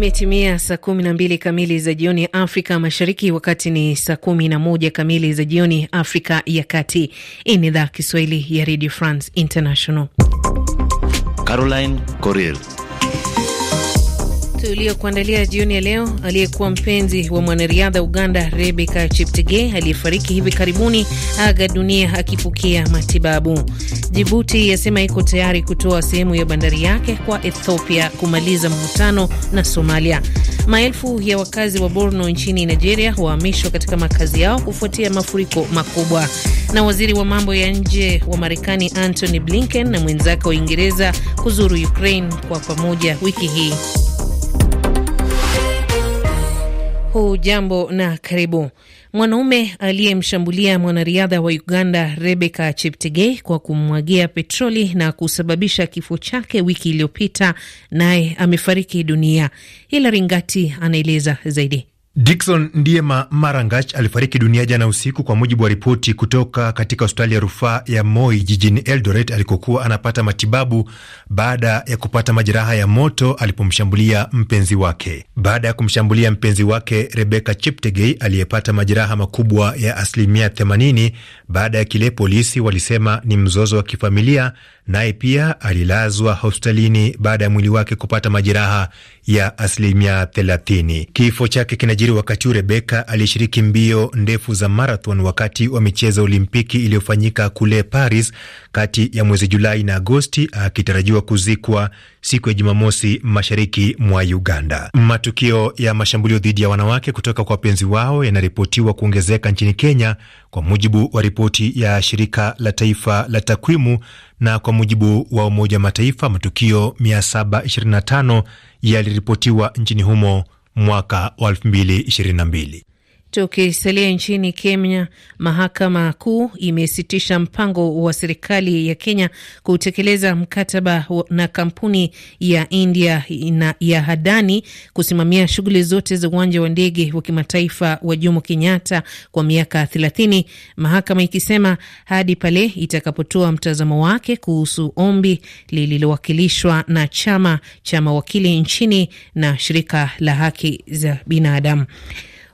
Imetimia saa 12 kamili za jioni Afrika Mashariki, wakati ni saa 11 kamili za jioni Afrika ya Kati. Hii ni idhaa Kiswahili ya Radio France International. Caroline Corel. Tuliyokuandalia jioni ya leo. Aliyekuwa mpenzi wa mwanariadha Uganda Rebeka Cheptegei aliyefariki hivi karibuni aga dunia akipokea matibabu. Jibuti yasema iko tayari kutoa sehemu ya bandari yake kwa Ethiopia kumaliza mvutano na Somalia. Maelfu ya wakazi wa Borno nchini Nigeria wahamishwa katika makazi yao kufuatia mafuriko makubwa. Na waziri wa mambo ya nje wa Marekani Antony Blinken na mwenzake wa Uingereza kuzuru Ukraine kwa pamoja wiki hii. Hujambo na karibu. Mwanaume aliyemshambulia mwanariadha wa Uganda Rebecca Cheptegei kwa kumwagia petroli na kusababisha kifo chake wiki iliyopita, naye amefariki dunia. Hilari Ngati anaeleza zaidi. Dickson ndiye Marangach alifariki dunia jana usiku, kwa mujibu wa ripoti kutoka katika hospitali ya rufaa ya Moi jijini Eldoret alikokuwa anapata matibabu baada ya kupata majeraha ya moto alipomshambulia mpenzi wake. Baada ya kumshambulia mpenzi wake rebeka Cheptegei aliyepata majeraha makubwa ya asilimia 80, baada ya kile polisi walisema ni mzozo wa kifamilia naye pia alilazwa hospitalini baada ya mwili wake kupata majeraha ya asilimia 30. Kifo chake kinajiri wakati huu Rebeka aliyeshiriki mbio ndefu za marathon wakati wa michezo Olimpiki iliyofanyika kule Paris kati ya mwezi Julai na Agosti, akitarajiwa kuzikwa siku ya Jumamosi mashariki mwa Uganda. Matukio ya mashambulio dhidi ya wanawake kutoka kwa wapenzi wao yanaripotiwa kuongezeka nchini Kenya kwa mujibu wa ripoti ya shirika la taifa la takwimu na kwa mujibu wa Umoja wa Mataifa, matukio 725 yaliripotiwa nchini humo mwaka wa 2022. Tukisalia nchini Kenya, mahakama kuu imesitisha mpango wa serikali ya Kenya kutekeleza mkataba na kampuni ya India na ya Hadani kusimamia shughuli zote za uwanja wa ndege wa kimataifa wa Jomo Kenyatta kwa miaka thelathini mahakama ikisema hadi pale itakapotoa mtazamo wake kuhusu ombi lililowakilishwa na chama cha mawakili nchini na shirika la haki za binadamu.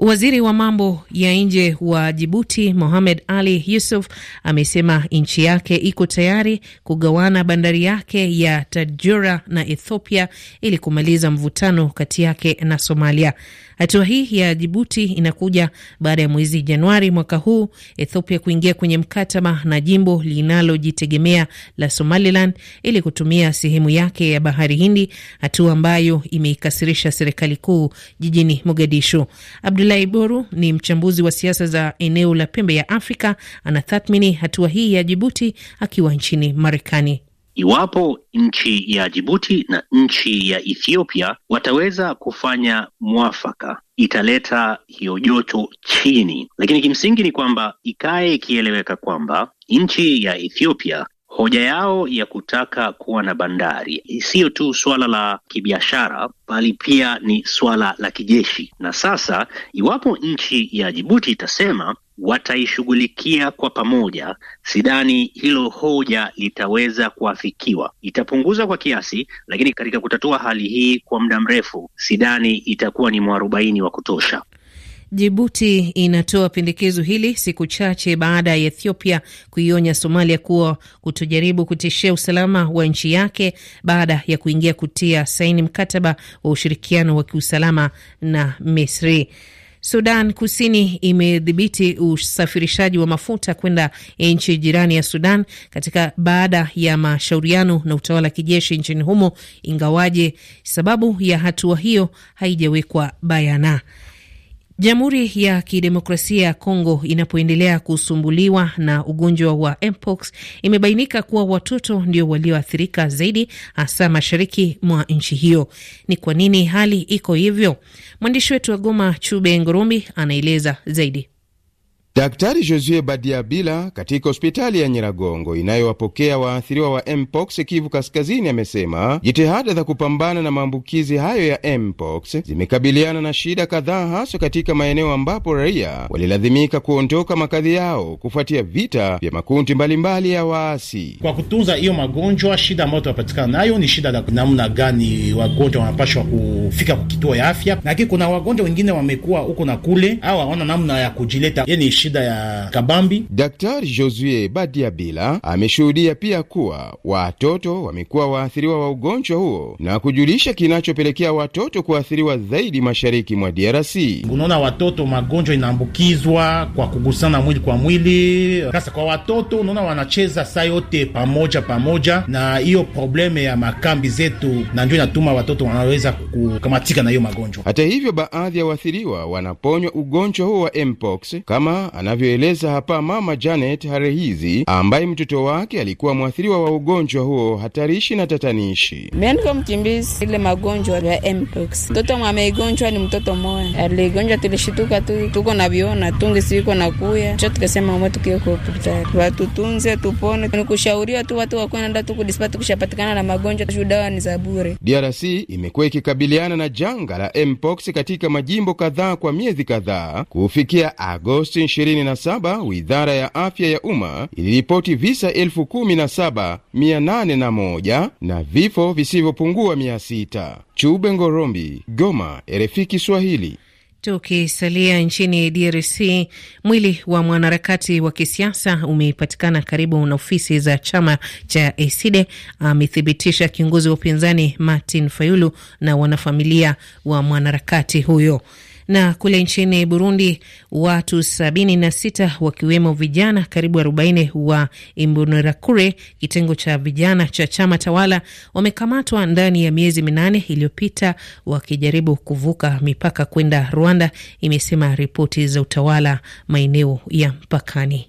Waziri wa mambo ya nje wa Jibuti Mohamed Ali Yusuf amesema nchi yake iko tayari kugawana bandari yake ya Tajura na Ethiopia ili kumaliza mvutano kati yake na Somalia. Hatua hii ya Jibuti inakuja baada ya mwezi Januari mwaka huu Ethiopia kuingia kwenye mkataba na jimbo linalojitegemea la Somaliland ili kutumia sehemu yake ya bahari Hindi, hatua ambayo imeikasirisha serikali kuu jijini Mogadishu. Abdul boru ni mchambuzi wa siasa za eneo la pembe ya Afrika, anatathmini hatua hii ya Jibuti akiwa nchini Marekani. Iwapo nchi ya Jibuti na nchi ya Ethiopia wataweza kufanya mwafaka, italeta hiyo joto chini, lakini kimsingi ni kwamba ikae ikieleweka kwamba nchi ya Ethiopia Hoja yao ya kutaka kuwa na bandari siyo tu suala la kibiashara, bali pia ni suala la kijeshi. Na sasa iwapo nchi ya Jibuti itasema wataishughulikia kwa pamoja, sidhani hilo hoja litaweza kuafikiwa. Itapunguza kwa kiasi, lakini katika kutatua hali hii kwa muda mrefu, sidhani itakuwa ni mwarobaini wa kutosha. Jibuti inatoa pendekezo hili siku chache baada ya Ethiopia kuionya Somalia kuwa kutojaribu kutishia usalama wa nchi yake baada ya kuingia kutia saini mkataba wa ushirikiano wa kiusalama na Misri. Sudan Kusini imedhibiti usafirishaji wa mafuta kwenda nchi jirani ya Sudan katika baada ya mashauriano na utawala wa kijeshi nchini humo, ingawaje sababu ya hatua hiyo haijawekwa bayana. Jamhuri ya Kidemokrasia ya Kongo inapoendelea kusumbuliwa na ugonjwa wa mpox, imebainika kuwa watoto ndio walioathirika zaidi, hasa mashariki mwa nchi hiyo. Ni kwa nini hali iko hivyo? Mwandishi wetu wa Goma, Chube Ngorombi, anaeleza zaidi. Daktari Josue Badiabila katika hospitali ya Nyiragongo inayowapokea waathiriwa wa mpox Kivu Kaskazini amesema jitihada za kupambana na maambukizi hayo ya mpox zimekabiliana na shida kadhaa, haswa katika maeneo ambapo raia walilazimika kuondoka makazi yao kufuatia vita vya makundi mbalimbali ya waasi. Kwa kutunza hiyo magonjwa, shida ambayo tunapatikana nayo ni shida la namna gani wagonjwa wanapashwa kufika kwa kituo ya afya, lakini kuna wagonjwa wengine wamekuwa huko na kule au hawana namna ya kujileta yani shida ya kabambi. Daktari Josue Badiabila ameshuhudia pia kuwa watoto wamekuwa waathiriwa wa ugonjwa huo na kujulisha kinachopelekea watoto kuathiriwa zaidi mashariki mwa DRC. Unaona watoto magonjwa inaambukizwa kwa kugusana mwili kwa mwili. Sasa kwa watoto unaona wanacheza saa yote pamoja pamoja, na hiyo probleme ya makambi zetu, na ndio inatuma watoto wanaweza kukamatika na hiyo magonjwa. Hata hivyo, baadhi ya waathiriwa wanaponywa ugonjwa huo wa mpox kama anavyoeleza hapa mama Janet Harehizi ambaye mtoto wake alikuwa mwathiriwa wa ugonjwa huo hatarishi na tatanishi. Mianiko mkimbizi ile magonjwa ya mpox, mtoto mwameigonjwa ni mtoto moya aligonjwa, tulishituka tu, tuko na viona tungi siko na kuya cho, tukasema ume tukiwe kwa hospitali watutunze tupone. Nikushauriwa tu watu wakwenda tu kudispa, tukishapatikana na magonjwa shudawa ni za bure. DRC imekuwa ikikabiliana na janga la mpox katika majimbo kadhaa kwa miezi kadhaa kufikia Agosti 27 wizara ya afya ya umma iliripoti visa 17801 na vifo visivyopungua 600. Chube Ngorombi, Goma, RFI Kiswahili. Tukisalia nchini DRC, mwili wa mwanaharakati wa kisiasa umepatikana karibu na ofisi za chama cha ESIDE, amethibitisha kiongozi wa upinzani Martin Fayulu na wanafamilia wa mwanaharakati huyo. Na kule nchini Burundi, watu 76 wakiwemo vijana karibu 40 wa Imbonerakure, kitengo cha vijana cha chama tawala, wamekamatwa ndani ya miezi minane iliyopita wakijaribu kuvuka mipaka kwenda Rwanda, imesema ripoti za utawala maeneo ya mpakani.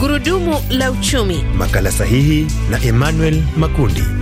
Gurudumu la uchumi, makala sahihi na Emmanuel Makundi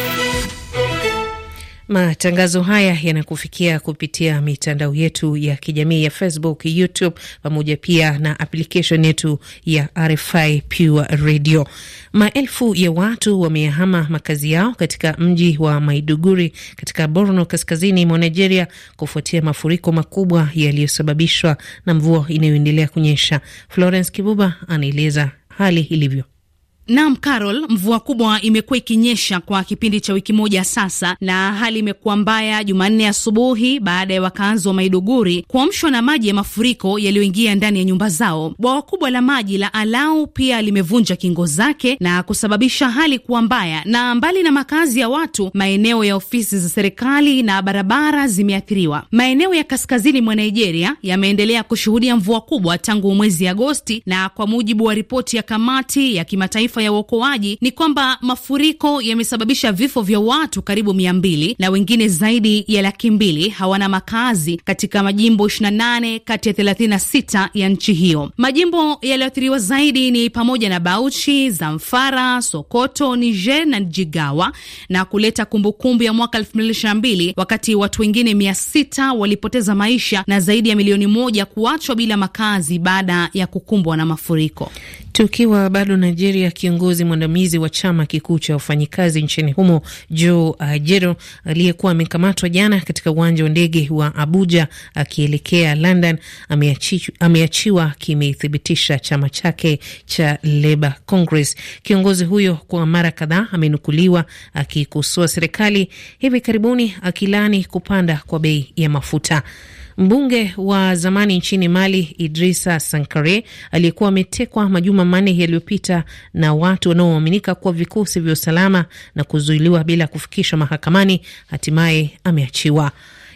Matangazo haya yanakufikia kupitia mitandao yetu ya kijamii ya Facebook, YouTube pamoja pia na application yetu ya RFI Pure Radio. Maelfu ya watu wameyahama makazi yao katika mji wa Maiduguri katika Borno, kaskazini mwa Nigeria, kufuatia mafuriko makubwa yaliyosababishwa na mvua inayoendelea kunyesha. Florence Kibuba anaeleza hali ilivyo. Naam, Carol, mvua kubwa imekuwa ikinyesha kwa kipindi cha wiki moja sasa, na hali imekuwa mbaya Jumanne asubuhi baada ya wakazi wa Maiduguri kuamshwa na maji ya mafuriko yaliyoingia ndani ya nyumba zao. Bwawa kubwa la maji la Alau pia limevunja kingo zake na kusababisha hali kuwa mbaya, na mbali na makazi ya watu, maeneo ya ofisi za serikali na barabara zimeathiriwa. Maeneo ya kaskazini mwa Nigeria yameendelea kushuhudia mvua kubwa tangu mwezi Agosti, na kwa mujibu wa ripoti ya kamati ya kimataifa ya uokoaji ni kwamba mafuriko yamesababisha vifo vya watu karibu mia mbili na wengine zaidi ya laki mbili hawana makazi katika majimbo 28 kati ya 36 ya nchi hiyo. Majimbo yaliyoathiriwa zaidi ni pamoja na Bauchi, Zamfara, Sokoto, Niger na Jigawa, na kuleta kumbukumbu ya mwaka 2022 wakati watu wengine mia sita walipoteza maisha na zaidi ya milioni moja kuachwa bila makazi baada ya kukumbwa na mafuriko. Tukiwa bado Nigeria kiongozi mwandamizi wa chama kikuu cha wafanyikazi nchini humo Joe Ajero aliyekuwa amekamatwa jana katika uwanja wa ndege wa Abuja akielekea London ameachiwa kimethibitisha chama chake cha Labour Congress. Kiongozi huyo kwa mara kadhaa amenukuliwa akikosoa serikali hivi karibuni akilani kupanda kwa bei ya mafuta. Mbunge wa zamani nchini Mali Idrisa Sankare aliyekuwa ametekwa majuma manne yaliyopita na watu wanaoaminika kuwa vikosi vya usalama na kuzuiliwa bila kufikishwa mahakamani, hatimaye ameachiwa.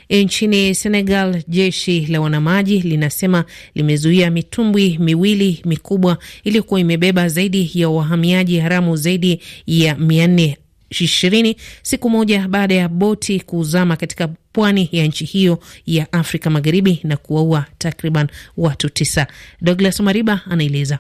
E, nchini Senegal, jeshi la wanamaji linasema limezuia mitumbwi miwili mikubwa iliyokuwa imebeba zaidi ya wahamiaji haramu zaidi ya mia nne ishirini siku moja baada ya boti kuzama katika pwani ya nchi hiyo ya Afrika Magharibi na kuwaua takriban watu tisa. Douglas Mariba anaeleza.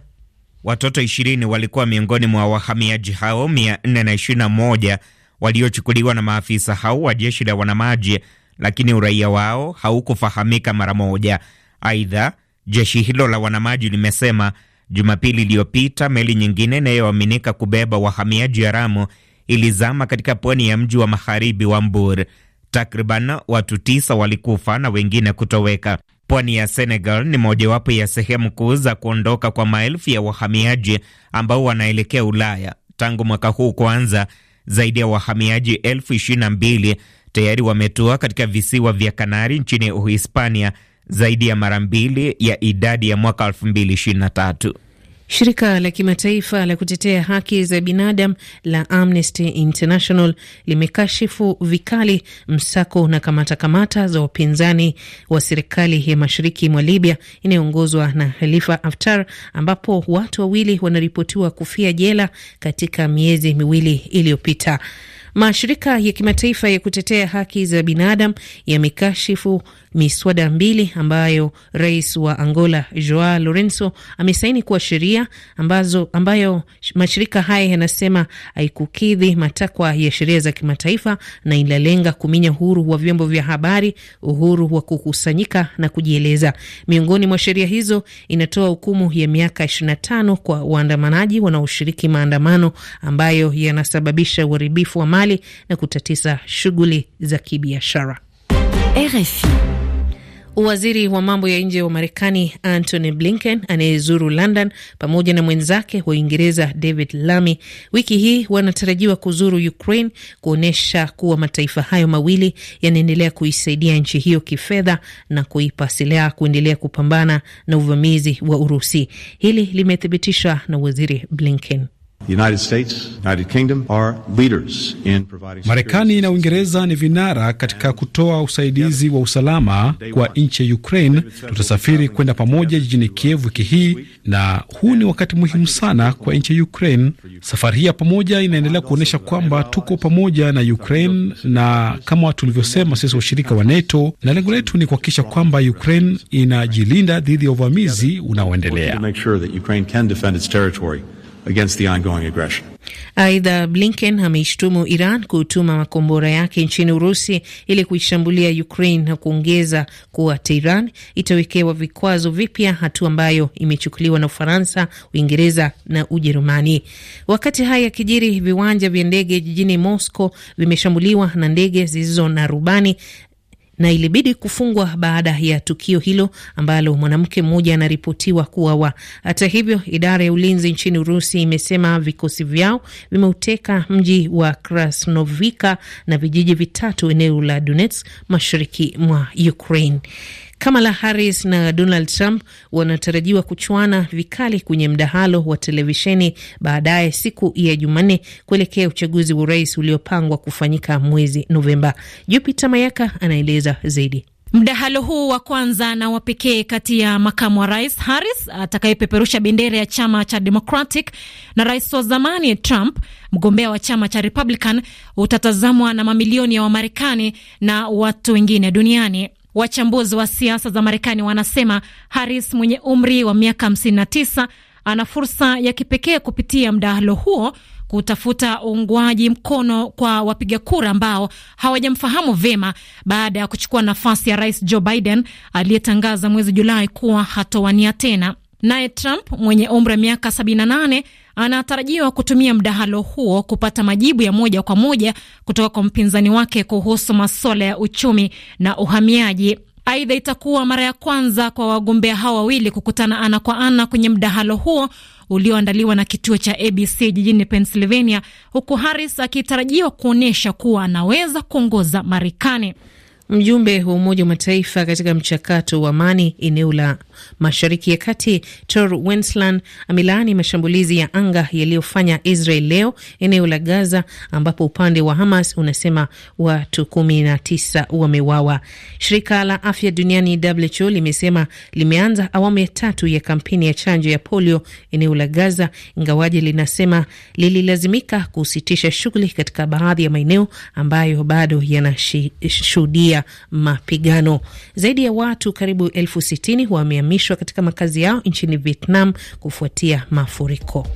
Watoto ishirini walikuwa miongoni mwa wahamiaji hao mia nne na ishirini na moja waliochukuliwa na maafisa hao wa jeshi la wanamaji, lakini uraia wao haukufahamika mara moja. Aidha, jeshi hilo la wanamaji limesema Jumapili iliyopita meli nyingine inayoaminika kubeba wahamiaji haramu ilizama katika pwani ya mji wa magharibi wa Mbur. Takriban watu tisa walikufa na wengine kutoweka. Pwani ya Senegal ni mojawapo ya sehemu kuu za kuondoka kwa maelfu ya wahamiaji ambao wanaelekea Ulaya. Tangu mwaka huu kwanza, zaidi ya wahamiaji elfu ishirini na mbili tayari wametua katika visiwa vya Kanari nchini Uhispania, zaidi ya mara mbili ya idadi ya mwaka 223 Shirika la kimataifa la kutetea haki za binadamu la Amnesty International limekashifu vikali msako na kamata kamata za wapinzani wa serikali ya mashariki mwa Libya inayoongozwa na Khalifa Haftar, ambapo watu wawili wanaripotiwa kufia jela katika miezi miwili iliyopita. Mashirika ya kimataifa ya kutetea haki za binadamu yamekashifu miswada mbili ambayo rais wa Angola Joao Lorenzo amesaini kuwa sheria ambazo ambayo mashirika haya yanasema haikukidhi matakwa ya sheria za kimataifa na inalenga kuminya uhuru wa vyombo vya habari, uhuru wa kukusanyika na kujieleza. Miongoni mwa sheria hizo inatoa hukumu ya miaka 25 kwa waandamanaji wanaoshiriki maandamano ambayo yanasababisha uharibifu wa mali na kutatiza shughuli za kibiashara. RFI. Waziri wa mambo ya nje wa Marekani Antony Blinken anayezuru London pamoja na mwenzake wa Uingereza David Lammy wiki hii wanatarajiwa kuzuru Ukraine kuonyesha kuwa mataifa hayo mawili yanaendelea kuisaidia nchi hiyo kifedha na kuipa silaha kuendelea kupambana na uvamizi wa Urusi. Hili limethibitishwa na Waziri Blinken. Marekani na Uingereza ni vinara katika kutoa usaidizi wa usalama kwa nchi ya Ukraine. Tutasafiri kwenda pamoja jijini Kiev wiki hii, na huu ni wakati muhimu sana kwa nchi ya Ukraine. Safari hii ya pamoja inaendelea kuonyesha kwamba tuko pamoja na Ukraine, na kama tulivyosema, sisi washirika wa NATO, na lengo letu ni kuhakikisha kwamba Ukraine inajilinda dhidi ya uvamizi unaoendelea against the ongoing aggression. Aidha, Blinken ameishtumu Iran kutuma makombora yake nchini Urusi ili kuishambulia Ukraine na kuongeza kuwa Tehran itawekewa vikwazo vipya, hatua ambayo imechukuliwa na Ufaransa, Uingereza na Ujerumani. Wakati haya yakijiri, viwanja vya ndege jijini Moscow vimeshambuliwa na ndege zisizo na rubani na ilibidi kufungwa baada ya tukio hilo ambalo mwanamke mmoja anaripotiwa kuuawa. Hata hivyo, idara ya ulinzi nchini Urusi imesema vikosi vyao vimeuteka mji wa Krasnovika na vijiji vitatu eneo la Donetsk, mashariki mwa Ukraine. Kamala Harris na Donald Trump wanatarajiwa kuchuana vikali kwenye mdahalo wa televisheni baadaye siku ya Jumanne kuelekea uchaguzi wa urais uliopangwa kufanyika mwezi Novemba. jupite Mayaka anaeleza zaidi. Mdahalo huu wa kwanza na wa pekee kati ya makamu wa rais Harris atakayepeperusha bendera ya chama cha Democratic na rais wa zamani Trump, mgombea wa chama cha Republican, utatazamwa na mamilioni ya Wamarekani na watu wengine duniani. Wachambuzi wa siasa za Marekani wanasema Harris mwenye umri wa miaka 59 ana fursa ya kipekee kupitia mdahalo huo kutafuta uungwaji mkono kwa wapiga kura ambao hawajamfahamu vyema baada ya kuchukua nafasi ya rais Joe Biden aliyetangaza mwezi Julai kuwa hatowania tena. Naye Trump mwenye umri wa miaka 78 anatarajiwa kutumia mdahalo huo kupata majibu ya moja kwa moja kutoka kwa mpinzani wake kuhusu masuala ya uchumi na uhamiaji. Aidha, itakuwa mara ya kwanza kwa wagombea hao wawili kukutana ana kwa ana kwenye mdahalo huo ulioandaliwa na kituo cha ABC jijini Pennsylvania, huku Harris akitarajiwa kuonyesha kuwa anaweza kuongoza Marekani. Mjumbe wa Umoja wa Mataifa katika mchakato wa amani eneo la Mashariki ya Kati, Tor Wenslan amelaani mashambulizi ya anga yaliyofanya Israel leo eneo la Gaza, ambapo upande wa Hamas unasema watu kumi na tisa wamewawa. Shirika la Afya Duniani WHO limesema limeanza awamu ya tatu ya kampeni ya chanjo ya polio eneo la Gaza, ingawaji linasema lililazimika kusitisha shughuli katika baadhi ya maeneo ambayo bado yanashuhudia kuzuia mapigano. Zaidi ya watu karibu elfu sitini wamehamishwa katika makazi yao nchini Vietnam kufuatia mafuriko.